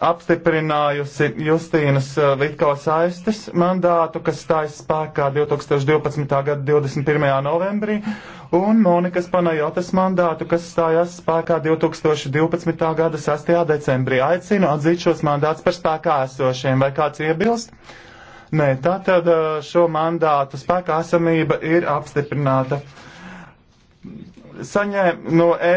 apstiprinājusi Justīnas eh, Vitko saistes mandātu, kas stājas spēkā 2012. gada 21. novembrī, un Monikas Panajotas mandātu, kas stājās spēkā 2012. gada 6. decembrī. Aicinu atzīt šos mandātus par spēkā esošiem. Vai kāds iebilst? Nē, tātad eh, šo mandātu spēkā esamība ir apstiprināta. Saņēma no.